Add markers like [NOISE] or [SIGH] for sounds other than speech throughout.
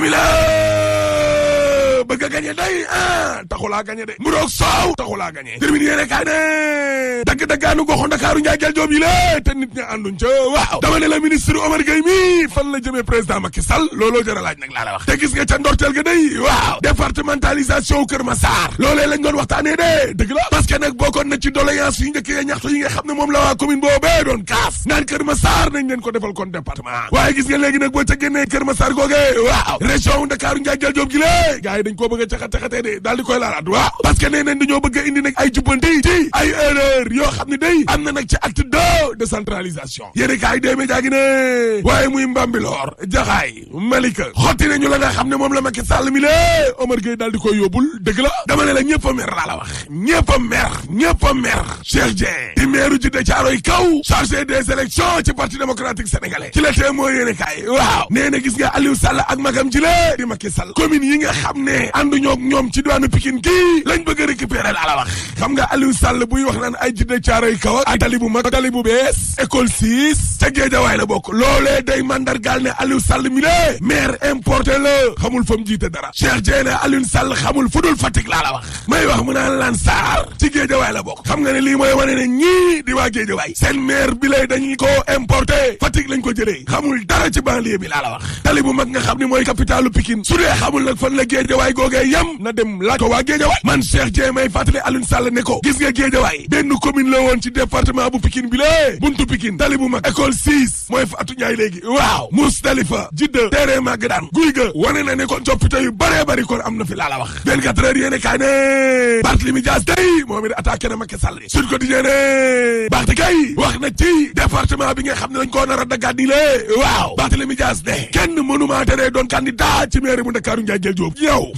bismillah bëgg a gañe day ah taxulaa gañe de mburoog soow taxulaa gañe termine yéene kaay ne dagg-daggaanu goxu Ndakaaru njaajal joob yi lé te nit ña ànduñ ca waaw dama ne la ministre Omar Gueye mi fan la jëmee président Macky Sall looloo jëra laaj nag laa gis nga ca ndorteel ga day waaw départementalisation Kër Massar loolee lañ doon waxtaanee de dëgg la parce que nag bokkoon na ci doléance yu njëkk ya ñaxtu ne moom la waa commune boobee doon kaas naan Kër Massar nañ leen ko defal kon département waaye gis nga léegi nag boo ca génnee Kër Massar googee waaw région Ndakaaru njaajal joob gi lé ko bëgg a caxat-caxatee di koy laalaat waaw parce que nee nañ dañoo bëgg a indi nag ay jubbanti ay erreur yoo xam ne day am na nag ci acte deux décentralisation yéeni kaay dee média gi ne waaye muy Mbambilor Jaxaay Malika xotti nañu la nga xam ne moom la Macky Sall mi lée Omar Gueye daal di koy yóbbul dëgg dama ne la mer laa la wax ñëpp a mer ñëpp mer Cheikh Dieng di meeru ji de caaroy kaw chargé des élections ci parti démocratique sénégalais ci la tee moo yéene kaay waaw nee na gis nga Aliou Sall ak magam ji lée yi nga xam ne ànduñoo ak ñoom ci diwaanu Pikine kii lañ bëgg a récupérer ala wax xam nga Aliou Sall buy wax naan ay jidde caaroy kaw ak tali bu mag tali bu bees école 6 ca Géejawaay la bokk loolee day mandargaal ne Aliou Sall mi de maire importé la xamul fa mu dara Cheikh Diène Aliou Sall xamul fu dul fatik laa la wax may wax mu naan laan Sarr ci Géejawaay la bokk xam nga ne lii mooy wane ne ñii di waa Géejawaay seen maire bi lay dañuy ko importé Fatick lañ ko jëlee xamul dara ci banlieue bi laa la wax tali bu mag nga xam mooy capitalu su dee xamul nag fan la googee yam na dem laaj ko waa Géejawaay man Cheikh Dieng may fàttali Alioune Sall ne ko gis nga Géejawaay benn commune la woon ci département bu Pikine bi lée buntu Pikine tali bu mag école 6 mooy fa atu ñaay léegi waaw Mousdalifa jidda terrain màgg daan guy ga wane na ne kon coppite yu bëree bëri kon am na fi laa la wax 24 heures yéene kaay ne Barthélémy Dias day moom it attaqué na Macky Sall Sud Quotidien ne baxte kay bi nga xam ne dañ koo nar a daggaat nii lée ne kenn mënumaa teree doon candidat ci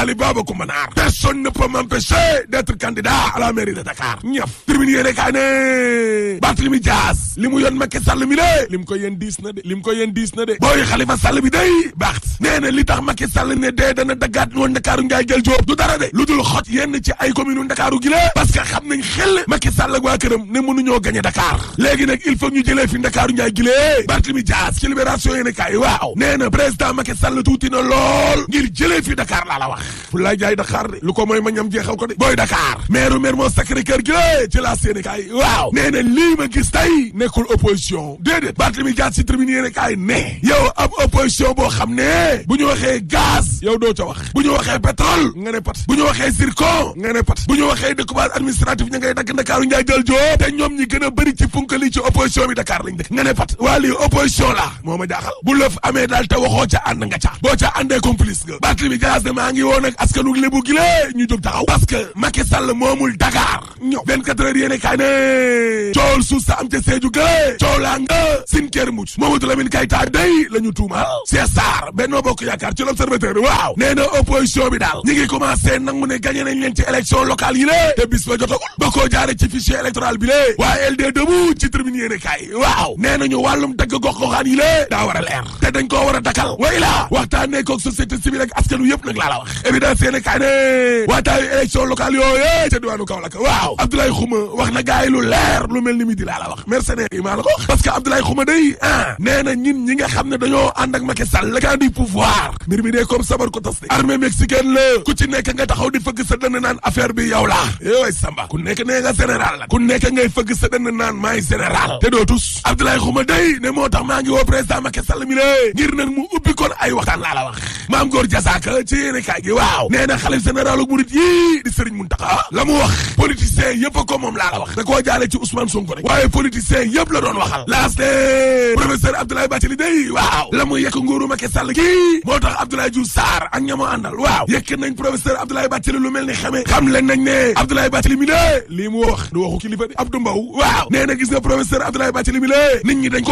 Ali Baba Coumba Naar personne ne peut m'empêcher d'être candidat à la mairie de Dakar ñëf tribune yéene kaay ne Barthélemy mi de li mu ko yéen diis na de li mu ko yéen diis na de booy Khalifa Sall bi day baax nee na li tax Macky Sall ne dee dana daggaat woon Ndakaaru ngaay jël joob du dara de lu dul xot yenn ci ay commune u Ndakaaru gi la parce que xam nañ xel Macky Sall ak waa këram ne mënuñoo gañe Dakar léegi nag il faut ñu jëlee fi Ndakaaru ci libération yéene kaay waaw nee na président Macky fu laay jaay Dakar de lu ko mooy ma ñam jeexal ko de booy Dakar maire maire moo Sacré Cœur lée ci laa séene kaay waaw nee lii ma gis tey nekkul opposition déedéet Barthélémy Dias ci tribune yéene kaay ne yow ab boo xam ne bu ñu waxee gaz yow doo ca wax bu ñu waxee pétrole nga ne pat bu ñu waxee zircon nga ne pat bu ñu waxee découpage administratif ña ngay dakk Ndakaaru njaay jël joo te ñoom ñi gën a bëri ci punkali ci opposition bi Dakar boo ca àndee complice woo nag askanu lébu gi ñu jóg taxaw parce que Macky Sall moomul Dakar ñëw 24 heures yéene kaay ne cool suuf sa am ca Sédhiou gële coolaa nga sin kër mucc Mamadou Lamine Keita day la ñu tuumal Cheikh Sarr Benno Bokk Yaakaar ci l'Observateur waaw nee na opposition bi daal ñi ngi commencé nangu ne gagné nañ leen ci élection locale yi te bis ba jotagul ba koo jaare ci fichier électoral bi lée waa LD Debout ci tribune yéene kaay waaw nee nañu wàllum dagg a a dakal way laa waxtaan ne koog société civile yëpp nag laa la wax évidence yéen kaay ne waataayu élection locale yooyu ca diwaanu Kaolack waaw Abdoulaye Xuma wax na gars yi lu leer lu mel ni mi di la wax mercenaire yi maa la parce que Abdoulaye Xuma day ah nee ñin ñi xam ne dañoo ànd ak Macky Sall la kan mi dee comme sabar ko tas de armée mexicaine la ku ci nekk nga taxaw di fëgg sa naan affaire bi yow laa yoway Samba ku nekk nee nga général ku nekk ngay fëgg sa dënn naan maay général te doo tus Abdoulaye Xuma day ne moo tax maa ngi woo président Macky Sall mi ne ngir laa la wax maam waaw nee na xalif généralu murit yii di Serigne Mountakha la mu wax politicien yëpp a ko laa la wax da koo jaale ci Ousmane Sonko rek waaye politicien yëpp la doon waxal laaste professeur Abdoulaye Bathily day waaw la mu yekk nguuru Macky Sall kii moo tax Abdoulaye Diouf Sarr ak ñamoo àndal waaw yekk nañ professeur Abdoulaye Bathily lu mel ni xamee xam leen nañ ne Abdoulaye Bathily mi lée lii mu wax du waxu kilifa de Abdou Mbow mi lée nit ñi dañ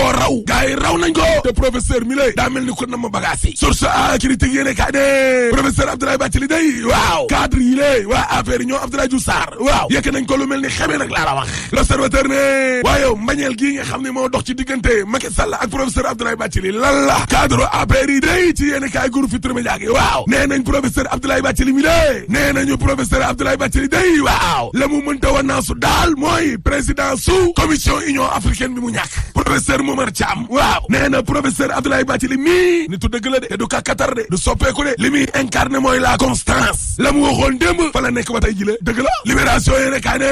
a critique Abdoulaye Bathily day waaw cadre yi lée waa affaire yi ñoo Abdoulaye Diouf Sarr waaw yëkk nañ ko lu ni xamee nag laa wax l'observateur ne waayow mbañeel gii nga xam ne moo dox ci diggante Macky Sall ak professeur Abdoulaye Bathily lan la cadre yi day ci yéen kaay groupe Futurs Médias gi waaw nee nañ professeur Abdoulaye Bathily mi lée nee nañu professeur Abdoulaye Bathily day waaw la mu mënta wan daal mooy président su commission union africaine bi mu ñàkk professeur la constance la mu waxoon démb fa nekk ba jile dëgg la libération yéene kaa ne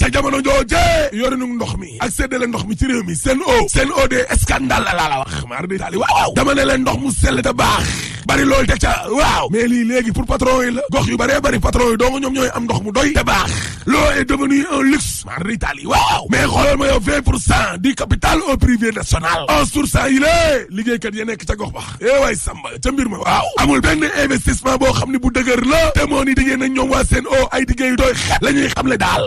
ca jamono joojee yorinu mi ak séddale ndox mi ci réew mi seen o seen o de scandale la la wax maar de taali waaw dama ne leen ndox mu sell te baax bari loolu teg ca waaw mais lii léegi patron yi la yu bëree bëri patron yi donc ñoom ñooy am ndox mu doy te baax l'eau est devenue un luxe maar di taali waaw mais xoolal ma yow vingt pour cent du capital au privé national onze pour cent yi lée liggéeykat ya nekk ca gox bax eh waay samba ca ma waaw amul benn investissement boo xam ne bu dëgër la te moo ni diggéen nag ñoom waa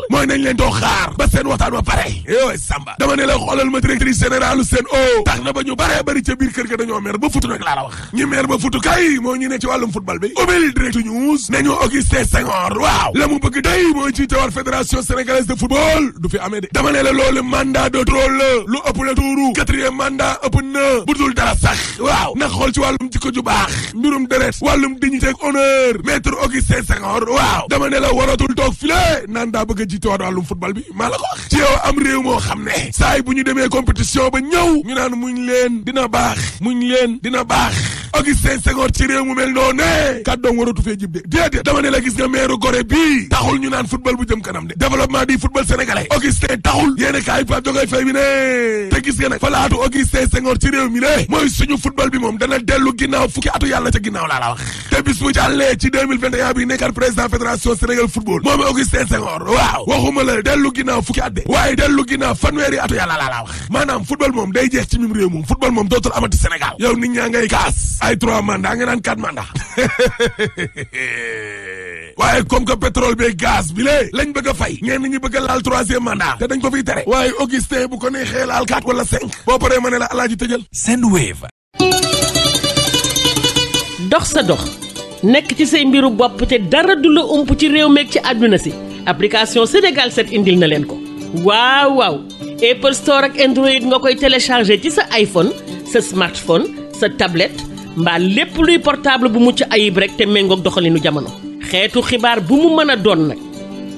mooy nañ leen doo xaar ba seen waxtaan wa pare yooyu samba dama ne la xoolal ma directrice générale seen o tax na ba ñu baree bari ca biir kër ga dañoo mer ba futu nag laa la wax ñu mer ba futu kay moo ñu ne ci wàllum football bi ubbil direct news ne ñu Augustin waaw la mu bëgg day mooy ci tewal fédération sénégalaise de football du fi amee de dama ne la loolu mandat de trop lu ëpp la tuuru quatrième mandat ëpp na honneur maître Augustin Senghor waaw dama ne la waratul toog file naan daa bëgg a jiite wàllum football bi maa la ko wax ci yow am réew moo xam ne saa bu ñu demee compétition ba ñëw ñu naan muñ leen dina baax muñ leen dina baax Augustin Senghor ci réew mu mel noonu ne kàddoom waratu fee jib de déedéet dama ne la gis nga maire Gorée bii taxul ñu naan football bu jëm kanam de développement du football sénégalais Augustin taxul yéena kaay pa jógee fay bi ne te gis nga nag falaatu Augustin Senghor ci réew mi ne mooy suñu football bi moom dana dellu ginnaaw fukki atu yàlla ca ginnaaw laa te bis bu jàllee ci 2021 bi nekkaat président fédération Sénégal football moom Augustin Senghor waaw waxuma la dellu ginnaaw fukki at de waaye dellu ginnaaw fanweeri atu yàlla la wax maanaam football moom day jeex ci mim réew moom football moom dootul amati Sénégal yow nit ñaa ngay kaas ay trois mandats nga naan quatre mandats [LAUGHS] waaye comme que pétrole bi gaz bi lée lañ bëgg a fay ñenn ñi bëgg laal troisième mandat te dañ ko fiy tere waaye Augustin bu ko neexee laal quatre wala cinq boo paree ma ne la alaaji tëjal Sendwave dox sa dox nekk ci say mbiru bopp te dara du la ump ci réew meek ci àdduna si application Sénégal set indil na leen ko waaw waaw Apple Store ak Android nga koy télécharger ci sa iPhone sa smartphone sa tablet mbaa lépp luy portable bu mucc ayib rek te méngoog doxalinu jamono xeetu xibaar bu mu mën a doon nag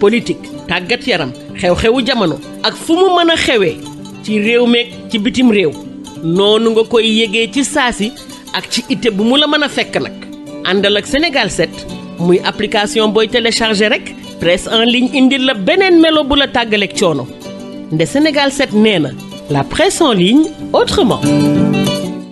politique tàggat yaram xew-xewu jamono ak fu mu mën a xewee ci réew meeg ci bitim réew noonu nga koy yégee ci saa si ak ci ite bu mu la mën a fekk nag àndal ak Sénégal 7 muy application booy téléchargé rek presse en ligne indil la beneen melo bu la tàggaleek coono nde Sénégal 7 nee na la presse en ligne autrement.